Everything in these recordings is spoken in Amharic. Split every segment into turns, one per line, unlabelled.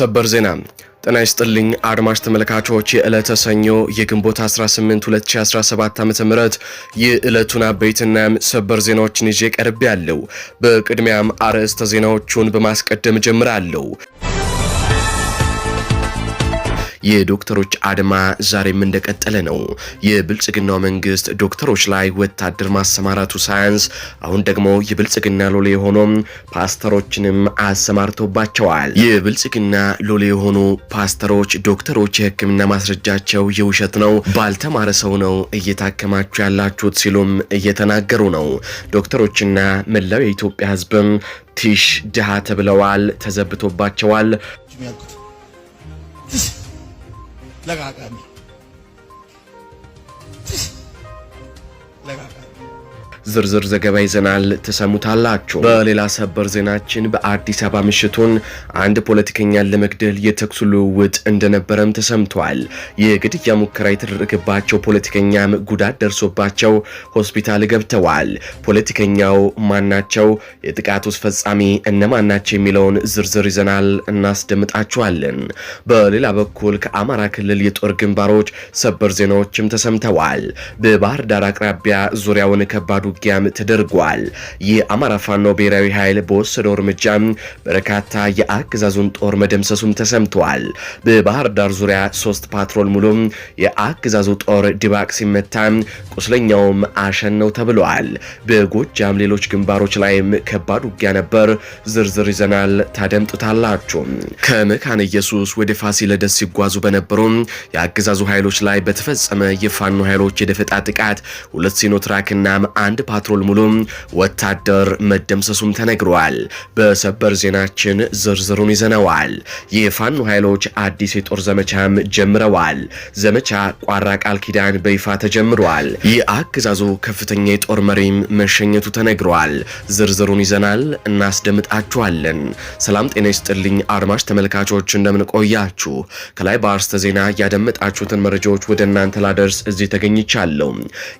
ሰበር ዜና ጤና ይስጥልኝ አድማጭ ተመልካቾች፣ የዕለተ ሰኞ የግንቦት 18 2017 ም የዕለቱን አበይትና ሰበር ዜናዎችን ይዤ ቀርቤ ያለው። በቅድሚያም አርዕስተ ዜናዎቹን በማስቀደም ጀምራለሁ። የዶክተሮች አድማ ዛሬም እንደቀጠለ ነው። የብልጽግናው መንግስት ዶክተሮች ላይ ወታደር ማሰማራቱ ሳያንስ አሁን ደግሞ የብልጽግና ሎሌ የሆኑ ፓስተሮችንም አሰማርቶባቸዋል። የብልጽግና ሎሌ የሆኑ ፓስተሮች ዶክተሮች የህክምና ማስረጃቸው የውሸት ነው፣ ባልተማረ ሰው ነው እየታከማችሁ ያላችሁት ሲሉም እየተናገሩ ነው። ዶክተሮችና መላው የኢትዮጵያ ህዝብም ቲሽ ድሃ ተብለዋል፣ ተዘብቶባቸዋል። लगाकर ዝርዝር ዘገባ ይዘናል፣ ትሰሙታላችሁ። በሌላ ሰበር ዜናችን በአዲስ አበባ ምሽቱን አንድ ፖለቲከኛን ለመግደል የተኩስ ልውውጥ እንደነበረም ተሰምቷል። የግድያ ሙከራ የተደረገባቸው ፖለቲከኛም ጉዳት ደርሶባቸው ሆስፒታል ገብተዋል። ፖለቲከኛው ማናቸው፣ የጥቃቱ ስፈጻሚ እነማናቸው የሚለውን ዝርዝር ይዘናል፣ እናስደምጣችኋለን። በሌላ በኩል ከአማራ ክልል የጦር ግንባሮች ሰበር ዜናዎችም ተሰምተዋል። በባህር ዳር አቅራቢያ ዙሪያውን ከባዱ ውጊያም ተደርጓል። የአማራ ፋኖ ብሔራዊ ኃይል በወሰደው እርምጃ በርካታ የአገዛዙን ጦር መደምሰሱም ተሰምተዋል። በባህር ዳር ዙሪያ ሶስት ፓትሮል ሙሉ የአገዛዙ ጦር ድባቅ ሲመታ ቁስለኛውም አሸን ነው ተብለዋል። በጎጃም ሌሎች ግንባሮች ላይም ከባድ ውጊያ ነበር። ዝርዝር ይዘናል፣ ታደምጡታላችሁ። ከመካነ ኢየሱስ ወደ ፋሲለደስ ሲጓዙ በነበሩ የአገዛዙ ኃይሎች ላይ በተፈጸመ የፋኖ ኃይሎች የደፈጣ ጥቃት ሁለት ሲኖትራክና አንድ ፓትሮል ሙሉ ወታደር መደምሰሱም ተነግሯል። በሰበር ዜናችን ዝርዝሩን ይዘነዋል። የፋኖ ኃይሎች አዲስ የጦር ዘመቻም ጀምረዋል። ዘመቻ ቋራ ቃል ኪዳን በይፋ ተጀምሯል። የአገዛዙ ከፍተኛ የጦር መሪም መሸኘቱ ተነግሯል። ዝርዝሩን ይዘናል፣ እናስደምጣችኋለን። ሰላም ጤና ይስጥልኝ አድማጭ ተመልካቾች እንደምንቆያችሁ። ከላይ በአርስተ ዜና ያደመጣችሁትን መረጃዎች ወደ እናንተ ላደርስ እዚህ ተገኝቻለሁ።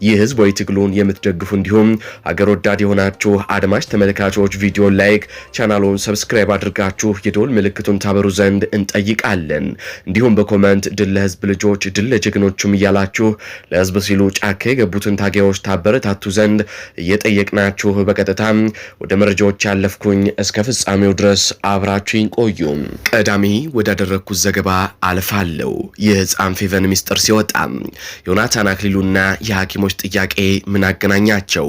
ይህ ወይ ትግሉን የምትደግፉ እንዲሁ እንዲሁም ሀገር ወዳድ የሆናችሁ አድማጭ ተመልካቾች ቪዲዮ ላይክ፣ ቻናሉን ሰብስክራይብ አድርጋችሁ የደወል ምልክቱን ታበሩ ዘንድ እንጠይቃለን። እንዲሁም በኮመንት ድል ለህዝብ ልጆች ድል ለጀግኖቹም እያላችሁ ለህዝብ ሲሉ ጫካ የገቡትን ታጋዮች ታበረታቱ ዘንድ እየጠየቅናችሁ በቀጥታ ወደ መረጃዎች ያለፍኩኝ እስከ ፍጻሜው ድረስ አብራችሁኝ ቆዩ። ቀዳሚ ወዳደረግኩት ዘገባ አልፋለሁ። የህፃን ፌቨን ሚስጥር ሲወጣ ዮናታን አክሊሉና የሐኪሞች ጥያቄ ምን አገናኛቸው? ናቸው።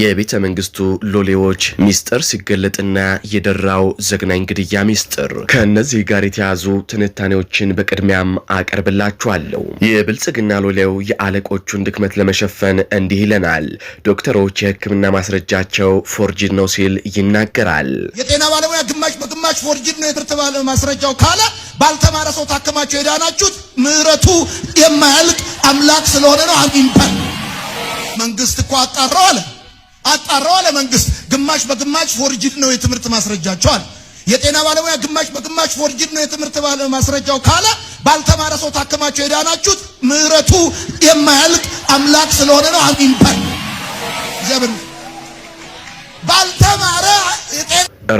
የቤተ መንግስቱ ሎሌዎች ሚስጥር ሲገለጥና የደራው ዘግናኝ ግድያ ሚስጥር ከእነዚህ ጋር የተያዙ ትንታኔዎችን በቅድሚያም አቀርብላችኋለሁ። የብልጽግና ሎሌው የአለቆቹን ድክመት ለመሸፈን እንዲህ ይለናል። ዶክተሮች የህክምና ማስረጃቸው ፎርጅድ ነው ሲል ይናገራል።
የጤና ባለሙያ ግማሽ በግማሽ ፎርጅድ ነው የተባለ ማስረጃው ካለ ባልተማረ ሰው ታከማቸው የዳናችሁት ምህረቱ የማያልቅ አምላክ ስለሆነ ነው። አግኝታል መንግስት እኮ አጣራው አለ አጣራው አለ መንግስት። ግማሽ በግማሽ ፎርጅድ ነው የትምህርት ማስረጃቸው አለ። የጤና ባለሙያ ግማሽ በግማሽ ፎርጅድ ነው የትምህርት ማስረጃው ካለ ባልተማረ ሰው ታክማቸው የዳናችሁት ምሕረቱ የማያልቅ አምላክ ስለሆነ ነው። አሚን ባል ባልተማረ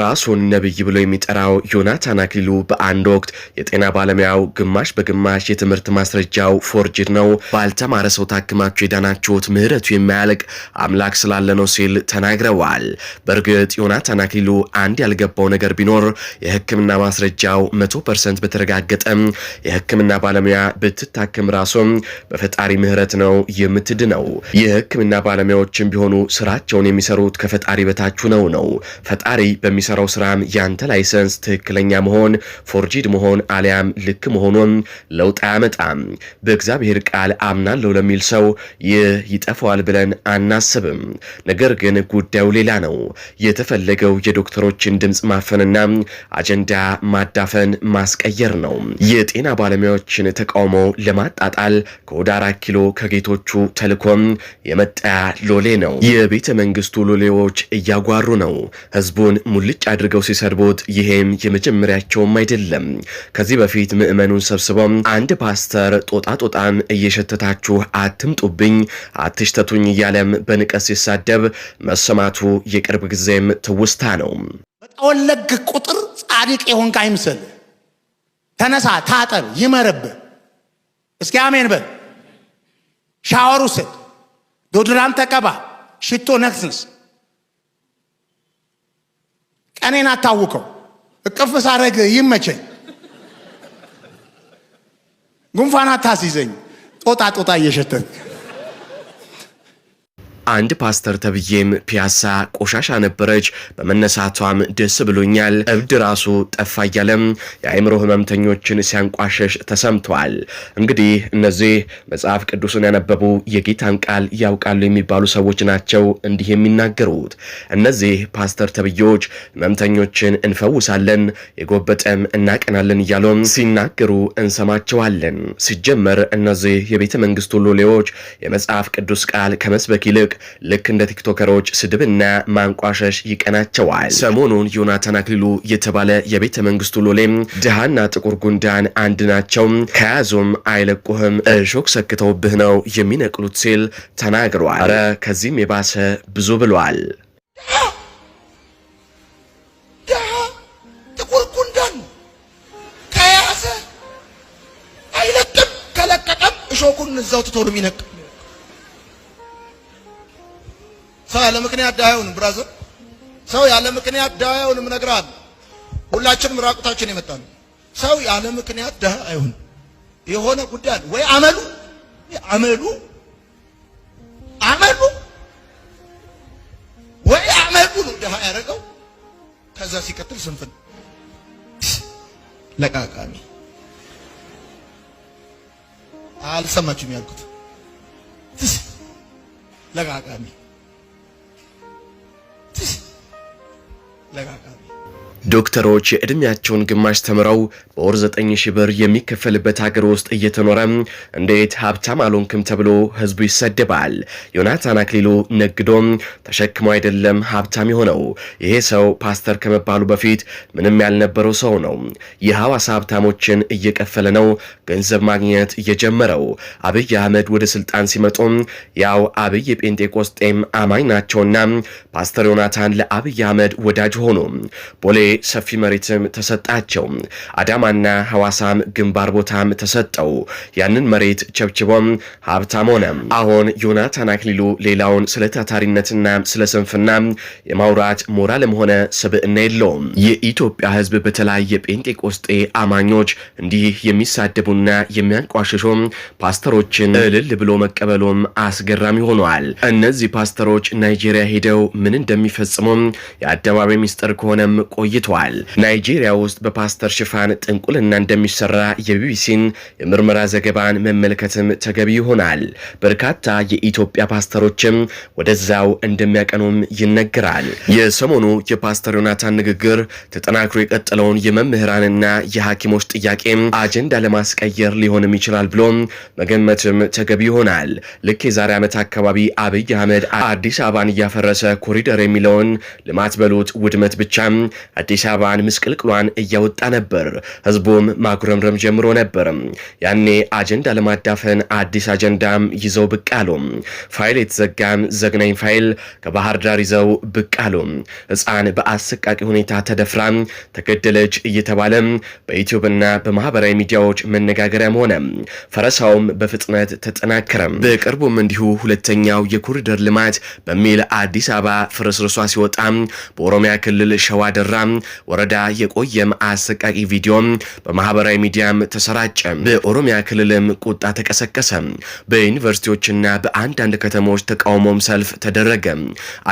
ራሱን ነብይ ብሎ የሚጠራው ዮናታን አክሊሉ በአንድ ወቅት የጤና ባለሙያው ግማሽ በግማሽ የትምህርት ማስረጃው ፎርጅድ ነው፣ ባልተማረ ሰው ታክማችሁ የዳናችሁት ምህረቱ የማያልቅ አምላክ ስላለ ነው ሲል ተናግረዋል። በእርግጥ ዮናታን አክሊሉ አንድ ያልገባው ነገር ቢኖር የህክምና ማስረጃው መቶ ፐርሰንት በተረጋገጠም የህክምና ባለሙያ ብትታክም ራሱም በፈጣሪ ምህረት ነው የምትድ ነው። የህክምና ባለሙያዎችም ቢሆኑ ስራቸውን የሚሰሩት ከፈጣሪ በታችሁ ነው ነው ፈጣሪ የሚሰራው ስራም ያንተ ላይሰንስ ትክክለኛ መሆን ፎርጂድ መሆን አሊያም ልክ መሆኑን ለውጥ አያመጣም። በእግዚአብሔር ቃል አምናለሁ ለሚል ሰው ይህ ይጠፋዋል ብለን አናስብም። ነገር ግን ጉዳዩ ሌላ ነው። የተፈለገው የዶክተሮችን ድምፅ ማፈንና አጀንዳ ማዳፈን ማስቀየር ነው። የጤና ባለሙያዎችን ተቃውሞ ለማጣጣል ከወደ አራት ኪሎ ከጌቶቹ ተልኮም የመጣ ሎሌ ነው። የቤተ መንግስቱ ሎሌዎች እያጓሩ ነው። ህዝቡን ሙሉ ሙልጭ አድርገው ሲሰድቡት ይሄም የመጀመሪያቸውም አይደለም። ከዚህ በፊት ምዕመኑን ሰብስበው አንድ ፓስተር ጦጣ ጦጣን እየሸተታችሁ አትምጡብኝ፣ አትሽተቱኝ እያለም በንቀት ሲሳደብ መሰማቱ የቅርብ ጊዜም ትውስታ ነው።
በጠወለግ ቁጥር ጻድቅ የሆንክ አይምሰል። ተነሳ፣ ታጠብ፣ ይመርብህ። እስኪ አሜን በል። ሻወር ውሰድ፣ ዶድራን ተቀባ፣ ሽቶ ነክስንስ ቀኔን አታውቀው። እቅፍ ሳረግ ይመቸኝ፣ ጉንፋን አታስይዘኝ። ጦጣ ጦጣ እየሸተት
አንድ ፓስተር ተብዬም ፒያሳ ቆሻሻ ነበረች፣ በመነሳቷም ደስ ብሎኛል፣ እብድ ራሱ ጠፋ እያለም የአእምሮ ህመምተኞችን ሲያንቋሸሽ ተሰምተዋል። እንግዲህ እነዚህ መጽሐፍ ቅዱስን ያነበቡ የጌታን ቃል ያውቃሉ የሚባሉ ሰዎች ናቸው እንዲህ የሚናገሩት። እነዚህ ፓስተር ተብዬዎች ህመምተኞችን እንፈውሳለን፣ የጎበጠም እናቀናለን እያሉም ሲናገሩ እንሰማቸዋለን። ሲጀመር እነዚህ የቤተ መንግስቱ ሎሌዎች የመጽሐፍ ቅዱስ ቃል ከመስበክ ይልቅ ልክ እንደ ቲክቶከሮች ስድብና ማንቋሸሽ ይቀናቸዋል። ሰሞኑን ዮናታን አክሊሉ የተባለ የቤተ መንግስቱ ሎሌም ድሃና ጥቁር ጉንዳን አንድ ናቸው፣ ከያዙም አይለቁህም፣ እሾክ ሰክተውብህ ነው የሚነቅሉት ሲል ተናግሯል። ኧረ ከዚህም የባሰ ብዙ ብሏል።
እዛው ትቶ ነው የሚነቅ ሰው ያለ ምክንያት ድሀ አይሆንም። ብራዘር፣ ሰው ያለ ምክንያት ድሀ አይሆንም። እነግርሃለሁ፣ ሁላችንም ራቁታችን የመጣን ሰው ያለ ምክንያት ድሃ አይሆንም። የሆነ ጉዳይ ወይ አመሉ አመሉ አመሉ ወይ አመሉ ነው ድሀ ያደረገው። ከዛ ሲቀጥል ስንፍን ለቃቃሚ አልሰማችሁም ያልኩት ለቃቃሚ
लगाकर ዶክተሮች የዕድሜያቸውን ግማሽ ተምረው በወር 9000 ብር የሚከፈልበት ሀገር ውስጥ እየተኖረ እንዴት ሀብታም አልሆንክም ተብሎ ህዝቡ ይሰደባል። ዮናታን አክሊሉ ነግዶ ተሸክሞ አይደለም ሀብታም የሆነው ይሄ ሰው ፓስተር ከመባሉ በፊት ምንም ያልነበረው ሰው ነው። የሐዋሳ ሀብታሞችን እየቀፈለ ነው ገንዘብ ማግኘት እየጀመረው። አብይ አህመድ ወደ ስልጣን ሲመጡ ያው አብይ የጴንጤቆስጤም አማኝ ናቸውና ፓስተር ዮናታን ለአብይ አህመድ ወዳጅ ሆኑ ቦሌ ሰፊ መሬትም ተሰጣቸው። አዳማና ሐዋሳም ግንባር ቦታም ተሰጠው። ያንን መሬት ቸብችቦም ሀብታም ሆነ። አሁን ዮናታን አክሊሉ ሌላውን ስለ ታታሪነትና ስለ ስንፍና የማውራት ሞራልም ሆነ ስብዕና የለውም። የኢትዮጵያ ሕዝብ በተለያየ ጴንጤቆስጤ አማኞች እንዲህ የሚሳደቡና የሚያንቋሽሹ ፓስተሮችን እልል ብሎ መቀበሉም አስገራሚ ሆኗል። እነዚህ ፓስተሮች ናይጄሪያ ሄደው ምን እንደሚፈጽሙ የአደባባይ ሚስጥር ከሆነም ቆየ ቆይተዋል። ናይጄሪያ ውስጥ በፓስተር ሽፋን ጥንቁልና እንደሚሰራ የቢቢሲን የምርመራ ዘገባን መመልከትም ተገቢ ይሆናል። በርካታ የኢትዮጵያ ፓስተሮችም ወደዛው እንደሚያቀኑም ይነገራል። የሰሞኑ የፓስተር ዮናታን ንግግር ተጠናክሮ የቀጠለውን የመምህራንና የሐኪሞች ጥያቄም አጀንዳ ለማስቀየር ሊሆንም ይችላል ብሎም መገመትም ተገቢ ይሆናል። ልክ የዛሬ ዓመት አካባቢ አብይ አህመድ አዲስ አበባን እያፈረሰ ኮሪደር የሚለውን ልማት በሉት ውድመት ብቻ የአዲስ አበባን ምስቅልቅሏን እያወጣ ነበር። ህዝቡም ማጉረምረም ጀምሮ ነበር። ያኔ አጀንዳ ለማዳፈን አዲስ አጀንዳም ይዘው ብቅ አሉ። ፋይል የተዘጋም ዘግናኝ ፋይል ከባህር ዳር ይዘው ብቅ አሉ። ህፃን በአሰቃቂ ሁኔታ ተደፍራ ተገደለች እየተባለ በዩቲዩብና በማህበራዊ ሚዲያዎች መነጋገሪያም ሆነ። ፈረሳውም በፍጥነት ተጠናከረ። በቅርቡም እንዲሁ ሁለተኛው የኮሪደር ልማት በሚል አዲስ አበባ ፍርስርሷ ሲወጣ በኦሮሚያ ክልል ሸዋ ደራ ወረዳ የቆየም አሰቃቂ ቪዲዮ በማህበራዊ ሚዲያም ተሰራጨ። በኦሮሚያ ክልልም ቁጣ ተቀሰቀሰ። በዩኒቨርሲቲዎችና በአንዳንድ ከተሞች ተቃውሞም ሰልፍ ተደረገ።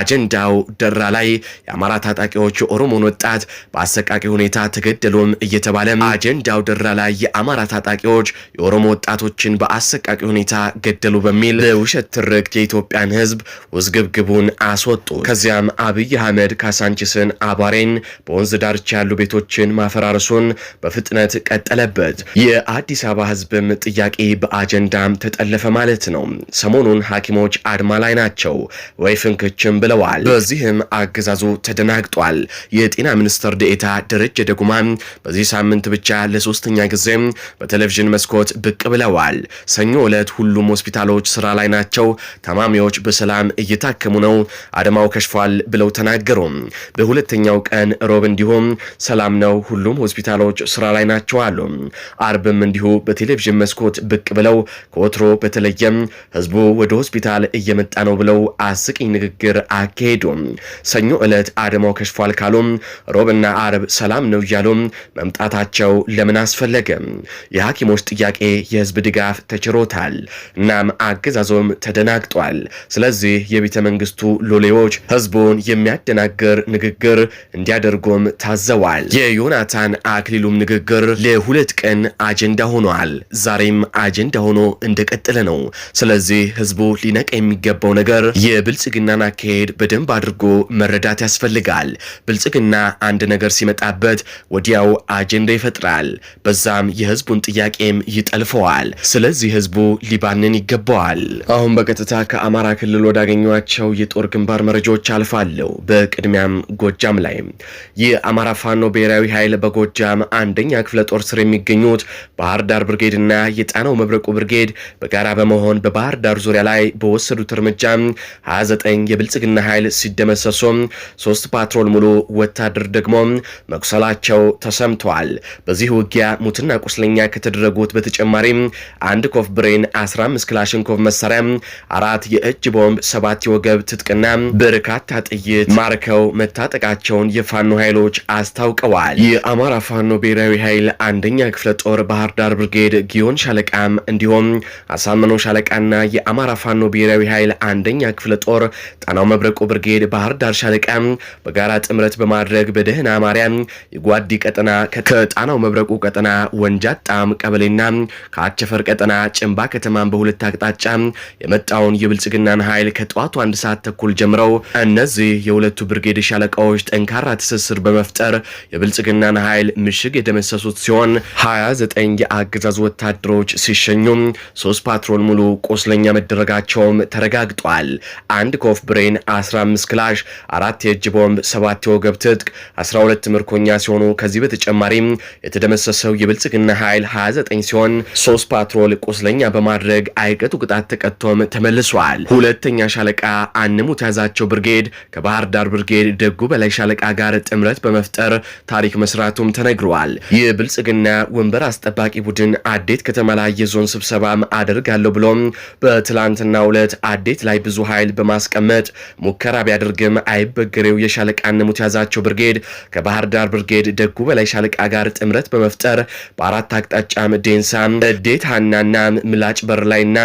አጀንዳው ደራ ላይ የአማራ ታጣቂዎች የኦሮሞን ወጣት በአሰቃቂ ሁኔታ ተገደሉም እየተባለ አጀንዳው ደራ ላይ የአማራ ታጣቂዎች የኦሮሞ ወጣቶችን በአሰቃቂ ሁኔታ ገደሉ በሚል በውሸት ትርክት የኢትዮጵያን ህዝብ ውዝግብግቡን አስወጡ። ከዚያም አብይ አህመድ ካሳንችስን አባሬን በ በወንዝ ዳርቻ ያሉ ቤቶችን ማፈራረሱን በፍጥነት ቀጠለበት። የአዲስ አበባ ህዝብም ጥያቄ በአጀንዳም ተጠለፈ ማለት ነው። ሰሞኑን ሐኪሞች አድማ ላይ ናቸው ወይ ፍንክችም ብለዋል። በዚህም አገዛዙ ተደናግጧል። የጤና ሚኒስትር ዴኤታ ደረጀ ደጉማ በዚህ ሳምንት ብቻ ለሶስተኛ ጊዜ በቴሌቪዥን መስኮት ብቅ ብለዋል። ሰኞ ዕለት ሁሉም ሆስፒታሎች ስራ ላይ ናቸው፣ ታማሚዎች በሰላም እየታከሙ ነው፣ አድማው ከሽፏል ብለው ተናገሩ። በሁለተኛው ቀን ሮብ ሮብ እንዲሁም ሰላም ነው፣ ሁሉም ሆስፒታሎች ስራ ላይ ናቸው አሉ። አርብም እንዲሁ በቴሌቪዥን መስኮት ብቅ ብለው ከወትሮ በተለየም ህዝቡ ወደ ሆስፒታል እየመጣ ነው ብለው አስቂኝ ንግግር አካሄዱ። ሰኞ ዕለት አድማው ከሽፏል ካሉም ሮብና አርብ ሰላም ነው እያሉ መምጣታቸው ለምን አስፈለገ? የሐኪሞች ጥያቄ የህዝብ ድጋፍ ተችሮታል። እናም አገዛዞም ተደናግጧል። ስለዚህ የቤተ መንግስቱ ሎሌዎች ህዝቡን የሚያደናግር ንግግር እንዲያደርጉ እንዲቆም ታዘዋል። የዮናታን አክሊሉም ንግግር ለሁለት ቀን አጀንዳ ሆኗል። ዛሬም አጀንዳ ሆኖ እንደቀጠለ ነው። ስለዚህ ህዝቡ ሊነቃ የሚገባው ነገር የብልጽግናን አካሄድ በደንብ አድርጎ መረዳት ያስፈልጋል። ብልጽግና አንድ ነገር ሲመጣበት ወዲያው አጀንዳ ይፈጥራል። በዛም የህዝቡን ጥያቄም ይጠልፈዋል። ስለዚህ ህዝቡ ሊባንን ይገባዋል። አሁን በቀጥታ ከአማራ ክልል ወዳገኟቸው የጦር ግንባር መረጃዎች አልፋለሁ። በቅድሚያም ጎጃም ላይ የአማራ ፋኖ ብሔራዊ ኃይል በጎጃም አንደኛ ክፍለ ጦር ስር የሚገኙት ባህር ዳር ብርጌድና የጣናው መብረቁ ብርጌድ በጋራ በመሆን በባህር ዳር ዙሪያ ላይ በወሰዱት እርምጃ 29 የብልጽግና ኃይል ሲደመሰሱ ሶስት ፓትሮል ሙሉ ወታደር ደግሞ መቁሰላቸው ተሰምተዋል። በዚህ ውጊያ ሙትና ቁስለኛ ከተደረጉት በተጨማሪም አንድ ኮፍ ብሬን፣ 15 ክላሽንኮቭ መሳሪያ፣ አራት የእጅ ቦምብ፣ ሰባት የወገብ ትጥቅና በርካታ ጥይት ማርከው መታጠቃቸውን የፋኖ ኃይል ኃይሎች አስታውቀዋል። የአማራ ፋኖ ብሔራዊ ኃይል አንደኛ ክፍለ ጦር ባህር ዳር ብርጌድ ጊዮን ሻለቃም እንዲሁም አሳመኖ ሻለቃና የአማራ ፋኖ ብሔራዊ ኃይል አንደኛ ክፍለ ጦር ጣናው መብረቁ ብርጌድ ባህር ዳር ሻለቃ በጋራ ጥምረት በማድረግ በደህና ማርያም የጓዲ ቀጠና ከጣናው መብረቁ ቀጠና ወንጃጣም ቀበሌና ከአቸፈር ቀጠና ጭንባ ከተማን በሁለት አቅጣጫ የመጣውን የብልጽግናን ኃይል ከጠዋቱ አንድ ሰዓት ተኩል ጀምረው እነዚህ የሁለቱ ብርጌድ ሻለቃዎች ጠንካራ ትስስር ትስስር በመፍጠር የብልጽግናን ኃይል ምሽግ የደመሰሱት ሲሆን 29 የአገዛዙ ወታደሮች ሲሸኙም ሶስት ፓትሮል ሙሉ ቁስለኛ መደረጋቸውም ተረጋግጧል። አንድ ኮፍ ብሬን፣ 15 ክላሽ፣ አራት የእጅ ቦምብ፣ ሰባት የወገብ ትጥቅ፣ 12 ምርኮኛ ሲሆኑ ከዚህ በተጨማሪም የተደመሰሰው የብልጽግና ኃይል 29 ሲሆን ሶስት ፓትሮል ቁስለኛ በማድረግ አይቀጡ ቅጣት ተቀጥቶም ተመልሷል። ሁለተኛ ሻለቃ አንሙ ተያዛቸው ብርጌድ ከባህር ዳር ብርጌድ ደጉ በላይ ሻለቃ ጋር ጥም በመፍጠር ታሪክ መስራቱም ተነግረዋል። የብልጽግና ወንበር አስጠባቂ ቡድን አዴት ከተማ ላይ የዞን ስብሰባም አደርጋለሁ ብሎም በትላንትናው ዕለት አዴት ላይ ብዙ ኃይል በማስቀመጥ ሙከራ ቢያደርግም አይበገሬው የሻለቃ ነሙት ያዛቸው ብርጌድ ከባህር ዳር ብርጌድ ደጉ በላይ ሻለቃ ጋር ጥምረት በመፍጠር በአራት አቅጣጫም ዴንሳ፣ እዴት፣ ሀናና ምላጭ በር ላይና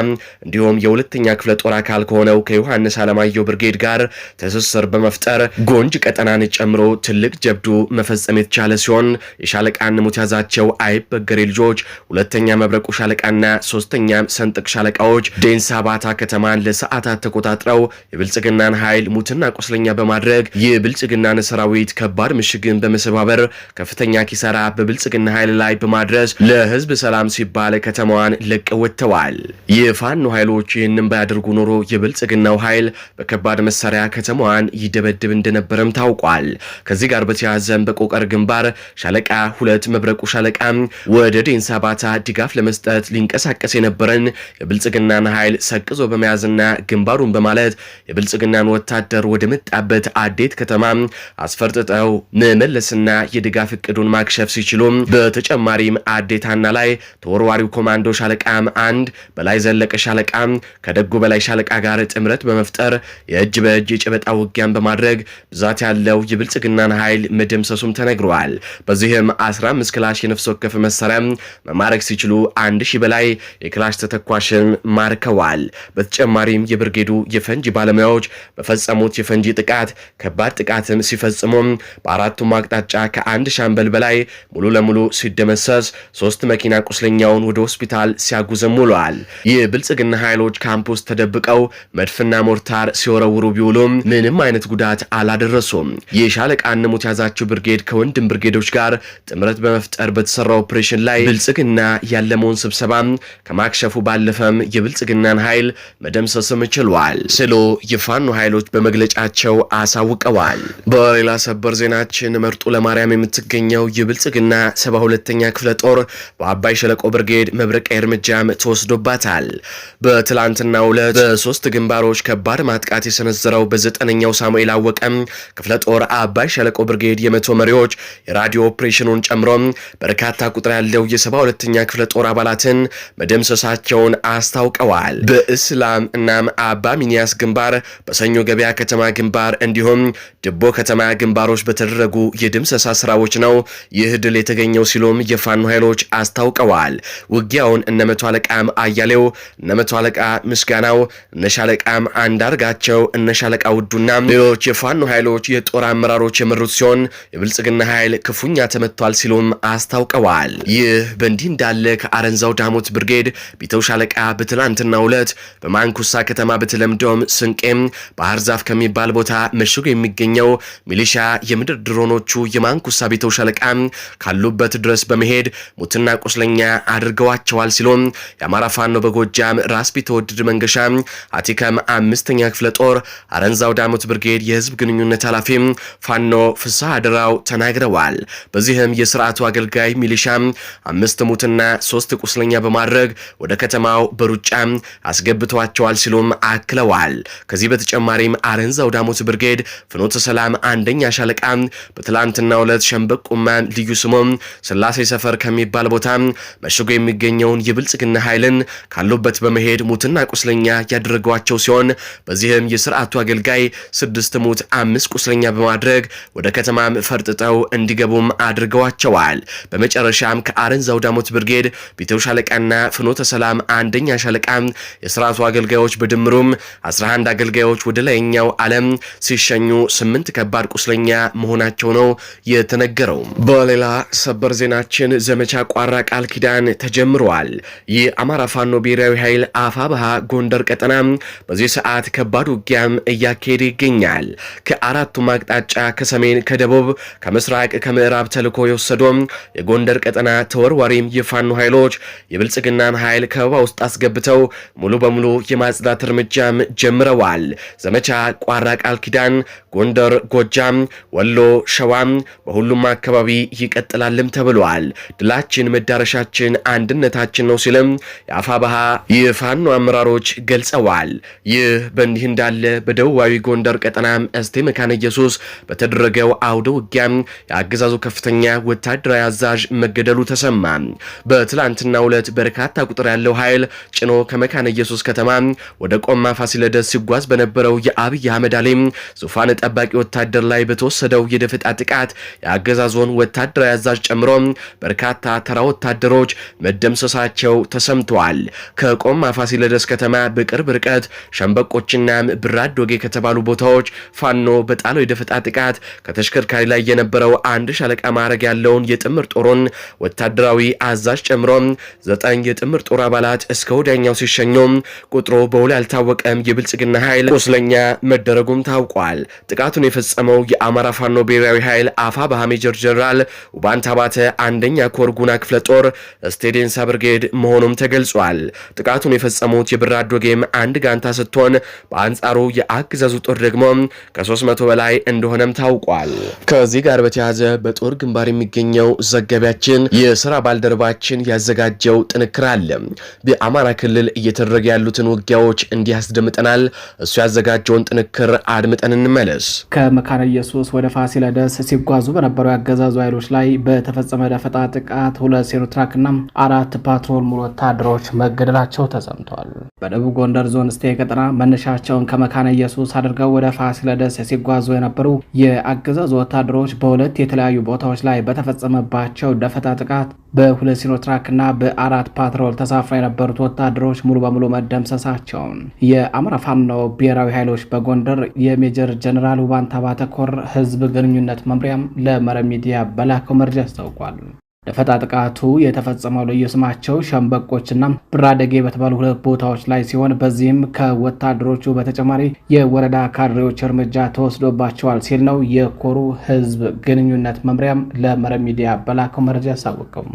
እንዲሁም የሁለተኛ ክፍለ ጦር አካል ከሆነው ከዮሐንስ አለማየሁ ብርጌድ ጋር ትስስር በመፍጠር ጎንጅ ቀጠናን ጨምሮ ትልቅ ትልቅ ጀብዱ መፈጸም የተቻለ ሲሆን የሻለቃ ንሙት ያዛቸው አይበገሬ ልጆች ሁለተኛ መብረቁ ሻለቃና ሶስተኛ ሰንጥቅ ሻለቃዎች ዴንሳ ባታ ከተማን ለሰዓታት ተቆጣጥረው የብልጽግናን ኃይል ሙትና ቁስለኛ በማድረግ የብልጽግናን ሰራዊት ከባድ ምሽግን በመሰባበር ከፍተኛ ኪሳራ በብልጽግና ኃይል ላይ በማድረስ ለህዝብ ሰላም ሲባል ከተማዋን ለቀው ወጥተዋል። የፋኖ ኃይሎች ይህንን ባያደርጉ ኖሮ የብልጽግናው ኃይል በከባድ መሳሪያ ከተማዋን ይደበድብ እንደነበረም ታውቋል። ከዚህ ጋር ጋር በተያያዘም በቆቀር ግንባር ሻለቃ ሁለት መብረቁ ሻለቃ ወደ ዴንሳ ባታ ድጋፍ ለመስጠት ሊንቀሳቀስ የነበረን የብልጽግናን ኃይል ሰቅዞ በመያዝና ግንባሩን በማለት የብልጽግናን ወታደር ወደ መጣበት አዴት ከተማ አስፈርጥጠው መመለስና የድጋፍ እቅዱን ማክሸፍ ሲችሉ በተጨማሪም አዴታና ላይ ተወርዋሪው ኮማንዶ ሻለቃ አንድ በላይ ዘለቀ ሻለቃ ከደጉ በላይ ሻለቃ ጋር ጥምረት በመፍጠር የእጅ በእጅ የጨበጣ ውጊያን በማድረግ ብዛት ያለው የብልጽግናን ኃይል ኃይል መደምሰሱም ተነግረዋል። በዚህም 15 ክላሽ የነፍስ ወከፍ መሳሪያ መማረክ ሲችሉ አንድ ሺህ በላይ የክላሽ ተተኳሽም ማርከዋል። በተጨማሪም የብርጌዱ የፈንጂ ባለሙያዎች በፈጸሙት የፈንጂ ጥቃት ከባድ ጥቃትም ሲፈጽሙም በአራቱም አቅጣጫ ከአንድ ሻምበል በላይ ሙሉ ለሙሉ ሲደመሰስ ሶስት መኪና ቁስለኛውን ወደ ሆስፒታል ሲያጉዘም ውለዋል። የብልጽግና ኃይሎች ካምፕ ውስጥ ተደብቀው መድፍና ሞርታር ሲወረውሩ ቢውሉም ምንም አይነት ጉዳት አላደረሱም። የሻለቃ አስመራውት ያዛቸው ብርጌድ ከወንድም ብርጌዶች ጋር ጥምረት በመፍጠር በተሰራ ኦፕሬሽን ላይ ብልጽግና ያለመውን ስብሰባ ከማክሸፉ ባለፈም የብልጽግናን ኃይል መደምሰስም ችሏል ስሎ የፋኖ ኃይሎች በመግለጫቸው አሳውቀዋል። በሌላ ሰበር ዜናችን መርጦ ለማርያም የምትገኘው የብልጽግና ሰባ ሁለተኛ ክፍለ ጦር በአባይ ሸለቆ ብርጌድ መብረቂያ እርምጃም ተወስዶባታል። በትላንትና ሁለት በሶስት ግንባሮች ከባድ ማጥቃት የሰነዘረው በዘጠነኛው ሳሙኤል አወቀም ክፍለ ጦር አባይ ሸለቆ ብርጌድ የመቶ መሪዎች የራዲዮ ኦፕሬሽኑን ጨምሮ በርካታ ቁጥር ያለው የሰባ ሁለተኛ ክፍለ ጦር አባላትን መደምሰሳቸውን አስታውቀዋል። በእስላም እናም አባ ሚኒያስ ግንባር፣ በሰኞ ገበያ ከተማ ግንባር እንዲሁም ድቦ ከተማ ግንባሮች በተደረጉ የድምሰሳ ስራዎች ነው ይህ ድል የተገኘው ሲሉም የፋኖ ኃይሎች አስታውቀዋል። ውጊያውን እነመቶ አለቃም አያሌው፣ እነመቶ አለቃ ምስጋናው፣ እነሻለቃም አንዳርጋቸው፣ እነሻለቃ ውዱና ሌሎች የፋኖ ኃይሎች የጦር አመራሮች የመሩት ሲሆን የብልጽግና ኃይል ክፉኛ ተመቷል ሲሉም አስታውቀዋል። ይህ በእንዲህ እንዳለ ከአረንዛው ዳሞት ብርጌድ ቢተው ሻለቃ በትላንትናው ሁለት በማንኩሳ ከተማ በተለምዶም ስንቄም ባህር ዛፍ ከሚባል ቦታ መሽጎ የሚገኘው ሚሊሻ የምድር ድሮኖቹ የማንኩሳ ቢተው ሻለቃ ካሉበት ድረስ በመሄድ ሙትና ቁስለኛ አድርገዋቸዋል ሲሉም የአማራ ፋኖ በጎጃም ራስ ቢትወደድ መንገሻ አቲከም አምስተኛ ክፍለ ጦር አረንዛው ዳሞት ብርጌድ የህዝብ ግንኙነት ኃላፊ ፋኖ ፍስሐ አድራው ተናግረዋል። በዚህም የስርዓቱ አገልጋይ ሚሊሻም አምስት ሙትና ሶስት ቁስለኛ በማድረግ ወደ ከተማው በሩጫ አስገብተዋቸዋል ሲሉም አክለዋል። ከዚህ በተጨማሪም አረንዛው ዳሞት ብርጌድ ፍኖተ ሰላም አንደኛ ሻለቃ በትላንትና ዕለት ሸንበቁማ ልዩ ስሙም ስላሴ ሰፈር ከሚባል ቦታ መሽጎ የሚገኘውን የብልጽግና ኃይልን ካሉበት በመሄድ ሙትና ቁስለኛ ያደረጓቸው ሲሆን በዚህም የስርዓቱ አገልጋይ ስድስት ሙት አምስት ቁስለኛ በማድረግ ወደ ከተማም ፈርጥጠው እንዲገቡም አድርገዋቸዋል። በመጨረሻም ከአረን ዘውዳሞት ብርጌድ ቢተው ሻለቃና ፍኖተ ሰላም አንደኛ ሻለቃ የስርዓቱ አገልጋዮች በድምሩም 11 አገልጋዮች ወደ ላይኛው ዓለም ሲሸኙ ስምንት ከባድ ቁስለኛ መሆናቸው ነው የተነገረው። በሌላ ሰበር ዜናችን ዘመቻ ቋራ ቃል ኪዳን ተጀምረዋል። የአማራ ፋኖ ብሔራዊ ኃይል አፋብሃ ጎንደር ቀጠና በዚህ ሰዓት ከባድ ውጊያም እያካሄደ ይገኛል። ከአራቱም አቅጣጫ ከሰሜን ከደቡብ ከምስራቅ ከምዕራብ ተልኮ የወሰዶም የጎንደር ቀጠና ተወርዋሪም የፋኑ ኃይሎች የብልጽግናን ኃይል ከበባ ውስጥ አስገብተው ሙሉ በሙሉ የማጽዳት እርምጃም ጀምረዋል። ዘመቻ ቋራ ቃል ኪዳን ጎንደር፣ ጎጃም፣ ወሎ፣ ሸዋም በሁሉም አካባቢ ይቀጥላልም ተብሏል። ድላችን መዳረሻችን አንድነታችን ነው ሲልም የአፋባሃ የፋኖ አመራሮች ገልጸዋል። ይህ በእንዲህ እንዳለ በደቡባዊ ጎንደር ቀጠናም እስቴ መካነ ኢየሱስ በተደረገው በተደረገው አውደ ውጊያ የአገዛዙ ከፍተኛ ወታደራዊ አዛዥ መገደሉ ተሰማ። በትላንትና ዕለት በርካታ ቁጥር ያለው ኃይል ጭኖ ከመካነ ኢየሱስ ከተማ ወደ ቆማ ፋሲለደስ ሲጓዝ በነበረው የአብይ አህመድ አሊ ዙፋን ጠባቂ ወታደር ላይ በተወሰደው የደፈጣ ጥቃት የአገዛዞን ወታደራዊ አዛዥ ጨምሮ በርካታ ተራ ወታደሮች መደምሰሳቸው ተሰምተዋል። ከቆማ ፋሲለደስ ከተማ በቅርብ ርቀት ሸምበቆችና ብራድ ወጌ ከተባሉ ቦታዎች ፋኖ በጣለው የደፈጣ ጥቃት በተሽከርካሪ ላይ የነበረው አንድ ሻለቃ ማዕረግ ያለውን የጥምር ጦሩን ወታደራዊ አዛዥ ጨምሮ ዘጠኝ የጥምር ጦር አባላት እስከ ወዲያኛው ሲሸኙ ቁጥሩ በውል ያልታወቀም የብልጽግና ኃይል ቁስለኛ መደረጉም ታውቋል። ጥቃቱን የፈጸመው የአማራ ፋኖ ብሔራዊ ኃይል አፋ በሃሜጀር ጀነራል ውባንት አባተ አንደኛ ኮር ጉና ክፍለ ጦር ስቴዴንሳ ብርጌድ መሆኑም ተገልጿል። ጥቃቱን የፈጸሙት የብራዶጌም አንድ ጋንታ ስትሆን በአንጻሩ የአገዛዙ ጦር ደግሞ ከ300 በላይ እንደሆነም ታውቋል። ተናግረዋል። ከዚህ ጋር በተያያዘ በጦር ግንባር የሚገኘው ዘጋቢያችን የስራ ባልደረባችን ያዘጋጀው ጥንክር አለ። በአማራ ክልል እየተደረገ ያሉትን ውጊያዎች እንዲህ ያስደምጠናል። እሱ ያዘጋጀውን ጥንክር አድምጠን እንመለስ። ከመካነ ኢየሱስ ወደ ፋሲለደስ ሲጓዙ በነበሩ ያገዛዙ ኃይሎች ላይ በተፈጸመ ደፈጣ ጥቃት ሁለት ሴኖትራክና አራት ፓትሮል ሙሉ ወታደሮች መገደላቸው ተሰምቷል። በደቡብ ጎንደር ዞን እስቴ ቀጠና መነሻቸውን ከመካነ ኢየሱስ አድርገው ወደ ፋሲለደስ ሲጓዙ የነበሩ የአገዛ የአገዛዙ ወታደሮች በሁለት የተለያዩ ቦታዎች ላይ በተፈጸመባቸው ደፈጣ ጥቃት በሁለት ሲኖትራክና በአራት ፓትሮል ተሳፍረው የነበሩት ወታደሮች ሙሉ በሙሉ መደምሰሳቸውን የአማራ ፋኖ ብሔራዊ ኃይሎች በጎንደር የሜጀር ጀኔራል ውባንታ ባተኮር ህዝብ ግንኙነት መምሪያም ለመረብ ሚዲያ በላከው መረጃ አስታውቋል። ደፈጣ ጥቃቱ የተፈጸመው ልዩ ስማቸው ሸምበቆችና ብራደጌ በተባሉ ሁለት ቦታዎች ላይ ሲሆን በዚህም ከወታደሮቹ በተጨማሪ የወረዳ ካድሬዎች እርምጃ ተወስዶባቸዋል ሲል ነው የኮሩ ህዝብ ግንኙነት መምሪያም ለመረብ ሚዲያ በላከው መረጃ ያሳወቀው።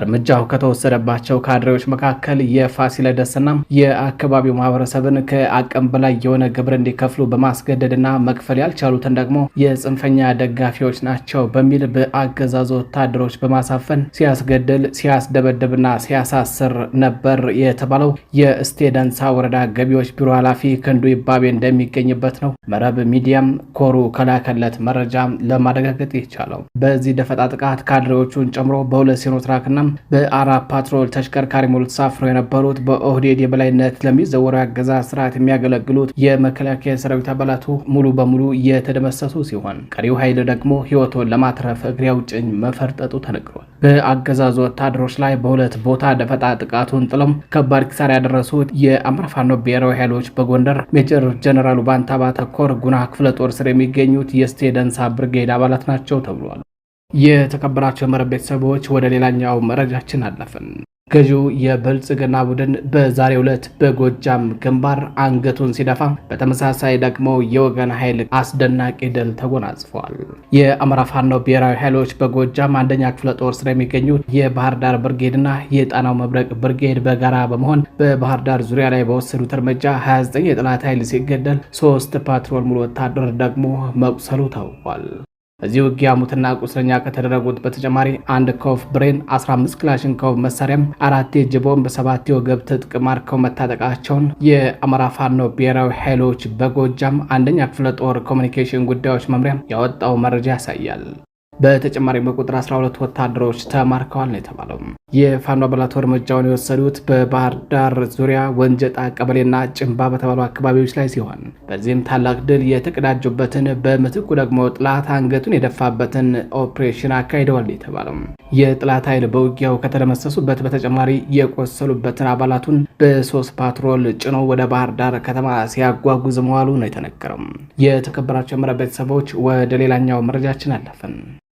እርምጃው ከተወሰደባቸው ካድሬዎች መካከል የፋሲለደስና የአካባቢው ማህበረሰብን ከአቅም በላይ የሆነ ግብር እንዲከፍሉ በማስገደድና መክፈል ያልቻሉትን ደግሞ የጽንፈኛ ደጋፊዎች ናቸው በሚል በአገዛዙ ወታደሮች በማሳፈን ሲያስገድል ሲያስደበድብና ሲያሳስር ነበር የተባለው የእስቴ ዳንሳ ወረዳ ገቢዎች ቢሮ ኃላፊ ክንዱ ይባቤ እንደሚገኝበት ነው መረብ ሚዲያም ኮሩ ከላከለት መረጃ ለማረጋገጥ የቻለው። በዚህ ደፈጣ ጥቃት ካድሬዎቹን ጨምሮ በሁለት ሲኖትራክና በአራት ፓትሮል ተሽከርካሪ ሙሉ ተሳፍረው የነበሩት በኦህዴድ የበላይነት ለሚዘወረው የአገዛዝ ስርዓት የሚያገለግሉት የመከላከያ ሰራዊት አባላቱ ሙሉ በሙሉ የተደመሰሱ ሲሆን ቀሪው ኃይል ደግሞ ህይወቱን ለማትረፍ እግሬ አውጭኝ መፈርጠጡ ተነግሯል። በአገዛዙ ወታደሮች ላይ በሁለት ቦታ ደፈጣ ጥቃቱን ጥለም ከባድ ኪሳራ ያደረሱት የአማራ ፋኖ ብሔራዊ ኃይሎች በጎንደር ሜጀር ጀነራሉ ባንታ ተኮር ጉና ክፍለ ጦር ስር የሚገኙት የስቴደንሳ ብርጌድ አባላት ናቸው ተብሏል። የተከበራቸው መረብ ቤተሰቦች ወደ ሌላኛው መረጃችን አለፍን። ገዢው የብልጽግና ቡድን በዛሬው ዕለት በጎጃም ግንባር አንገቱን ሲደፋ፣ በተመሳሳይ ደግሞ የወገን ኃይል አስደናቂ ድል ተጎናጽፏል። የአማራ ፋኖ ብሔራዊ ኃይሎች በጎጃም አንደኛ ክፍለ ጦር ስር የሚገኙት የባህር ዳር ብርጌድና የጣናው መብረቅ ብርጌድ በጋራ በመሆን በባህር ዳር ዙሪያ ላይ በወሰዱት እርምጃ 29 የጠላት ኃይል ሲገደል፣ ሶስት ፓትሮል ሙሉ ወታደር ደግሞ መቁሰሉ ታውቋል። በዚህ ውጊያ ሙትና ቁስለኛ ከተደረጉት በተጨማሪ አንድ ኮፍ ብሬን፣ 15 ክላሽንኮቭ መሳሪያም፣ አራት የእጅ ቦምብ፣ ሰባት የወገብ ትጥቅ ማርከው መታጠቃቸውን የአማራ ፋኖ ብሔራዊ ኃይሎች በጎጃም አንደኛ ክፍለ ጦር ኮሚኒኬሽን ጉዳዮች መምሪያ ያወጣው መረጃ ያሳያል። በተጨማሪ በቁጥር 12 ወታደሮች ተማርከዋል ነው የተባለው። የፋኖ አባላት እርምጃውን የወሰዱት በባህር ዳር ዙሪያ ወንጀጣ ቀበሌና ጭንባ በተባሉ አካባቢዎች ላይ ሲሆን በዚህም ታላቅ ድል የተቀዳጁበትን በምትኩ ደግሞ ጥላት አንገቱን የደፋበትን ኦፕሬሽን አካሂደዋል የተባለው የጥላት ኃይል በውጊያው ከተደመሰሱበት በተጨማሪ የቆሰሉበትን አባላቱን በሶስት ፓትሮል ጭኖ ወደ ባህር ዳር ከተማ ሲያጓጉዝ መዋሉ ነው የተነገረው። የተከበራቸው የምረ ቤተሰቦች ወደ ሌላኛው መረጃችን አለፍን።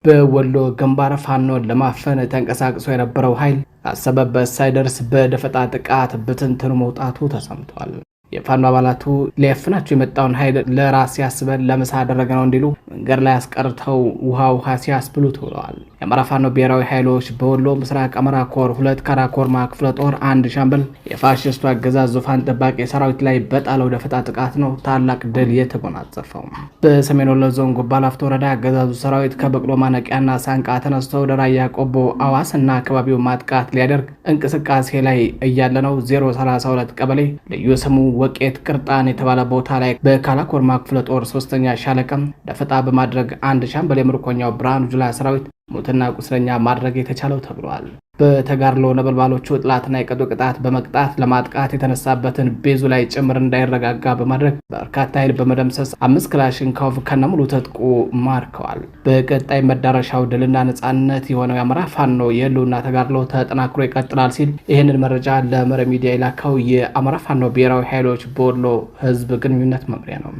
በወሎ ግንባር ፋኖን ለማፈን ተንቀሳቅሶ የነበረው ኃይል አሰበበት ሳይደርስ በደፈጣ ጥቃት ብትንትኑ መውጣቱ ተሰምቷል። የፋኖ አባላቱ ሊያፍናቸው የመጣውን ኃይል ለራስ ሲያስበን ለምሳ አደረገ ነው እንዲሉ መንገድ ላይ አስቀርተው ውሃ ውሃ ሲያስብሉ ተውለዋል። የአማራ ፋኖ ብሔራዊ ኃይሎች በወሎ ምስራቅ አማራ ኮር ሁለት ካራኮርማ ክፍለ ጦር አንድ ሻምበል የፋሽስቱ አገዛዝ ዙፋን ጠባቂ ሰራዊት ላይ በጣለው ደፈጣ ጥቃት ነው ታላቅ ድል የተጎናጸፈው። በሰሜን ወሎ ዞን ጉባላፍቶ ወረዳ አገዛዙ ሰራዊት ከበቅሎ ማነቂያና ሳንቃ ተነስቶ ወደ ራያ ቆቦ አዋስ እና አካባቢው ማጥቃት ሊያደርግ እንቅስቃሴ ላይ እያለ ነው 032 ቀበሌ ልዩ ስሙ ወቄት ቅርጣን የተባለ ቦታ ላይ በካራኮርማ ክፍለ ጦር ሶስተኛ ሻለቀም ደፈጣ በማድረግ አንድ ሻምበል የምርኮኛው ብርሃኑ ጁላ ሰራዊት ሙትና ቁስለኛ ማድረግ የተቻለው ተብሏል። በተጋድሎ ነበልባሎቹ ጥላትና የቀዶ ቅጣት በመቅጣት ለማጥቃት የተነሳበትን ቤዙ ላይ ጭምር እንዳይረጋጋ በማድረግ በርካታ ኃይል በመደምሰስ አምስት ክላሽንኮቭ ከነሙሉ ትጥቁ ማርከዋል። በቀጣይ መዳረሻው ድልና ነጻነት የሆነው የአማራ ፋኖ የህልውና ተጋድሎ ተጠናክሮ ይቀጥላል ሲል ይህንን መረጃ ለመረ ሚዲያ የላከው የአማራ ፋኖ ብሔራዊ ኃይሎች በወሎ ህዝብ ግንኙነት መምሪያ ነው።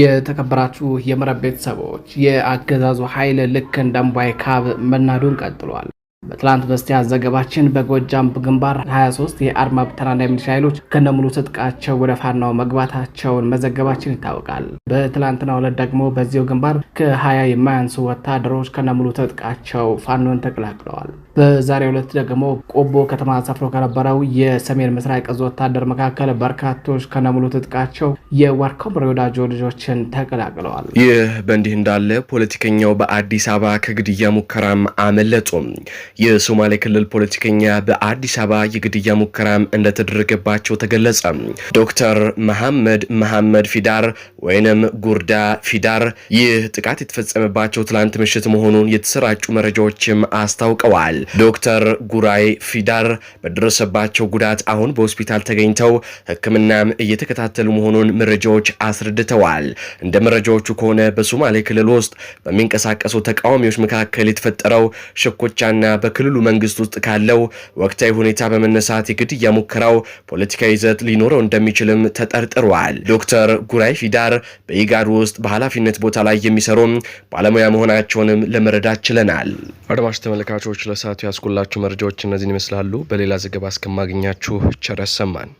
የተከበራችሁ የመረብ ቤተሰቦች የአገዛዙ ኃይል ልክ እንደ እምቧይ ካብ መናዱን ቀጥሏል። በትላንት በስቲያ ዘገባችን በጎጃም ግንባር 23 የአድማ ብተናና የሚሊሻ ኃይሎች ከነሙሉ ትጥቃቸው ወደ ፋናው መግባታቸውን መዘገባችን ይታወቃል። በትላንትና ዕለት ደግሞ በዚሁ ግንባር ከ20 የማያንሱ ወታደሮች ከነሙሉ ትጥቃቸው ፋኖን ተቀላቅለዋል። በዛሬ ዕለት ደግሞ ቆቦ ከተማ ሰፍሮ ከነበረው የሰሜን ምስራቅ እዝ ወታደር መካከል በርካቶች ከነሙሉ ትጥቃቸው የዋርኮምሬ ወዳጆ ልጆችን ተቀላቅለዋል። ይህ በእንዲህ እንዳለ ፖለቲከኛው በአዲስ አበባ ከግድያ ሙከራም አመለጡም። የሶማሌ ክልል ፖለቲከኛ በአዲስ አበባ የግድያ ሙከራም እንደተደረገባቸው ተገለጸ። ዶክተር መሐመድ መሐመድ ፊዳር ወይንም ጉርዳ ፊዳር ይህ ጥቃት የተፈጸመባቸው ትላንት ምሽት መሆኑን የተሰራጩ መረጃዎችም አስታውቀዋል። ዶክተር ጉራይ ፊዳር በደረሰባቸው ጉዳት አሁን በሆስፒታል ተገኝተው ሕክምናም እየተከታተሉ መሆኑን መረጃዎች አስረድተዋል። እንደ መረጃዎቹ ከሆነ በሶማሌ ክልል ውስጥ በሚንቀሳቀሱ ተቃዋሚዎች መካከል የተፈጠረው ሽኩቻና በክልሉ መንግስት ውስጥ ካለው ወቅታዊ ሁኔታ በመነሳት የግድያ ሙከራው ፖለቲካዊ ይዘት ሊኖረው እንደሚችልም ተጠርጥሯል። ዶክተር ጉራይ ፊዳር በኢጋድ ውስጥ በኃላፊነት ቦታ ላይ የሚሰሩም ባለሙያ መሆናቸውንም ለመረዳት ችለናል። አድማጭ ተመልካቾች ለሰዓቱ ያስኩላችሁ መረጃዎች እነዚህን ይመስላሉ። በሌላ ዘገባ እስከማገኛችሁ ቸር ያሰማን።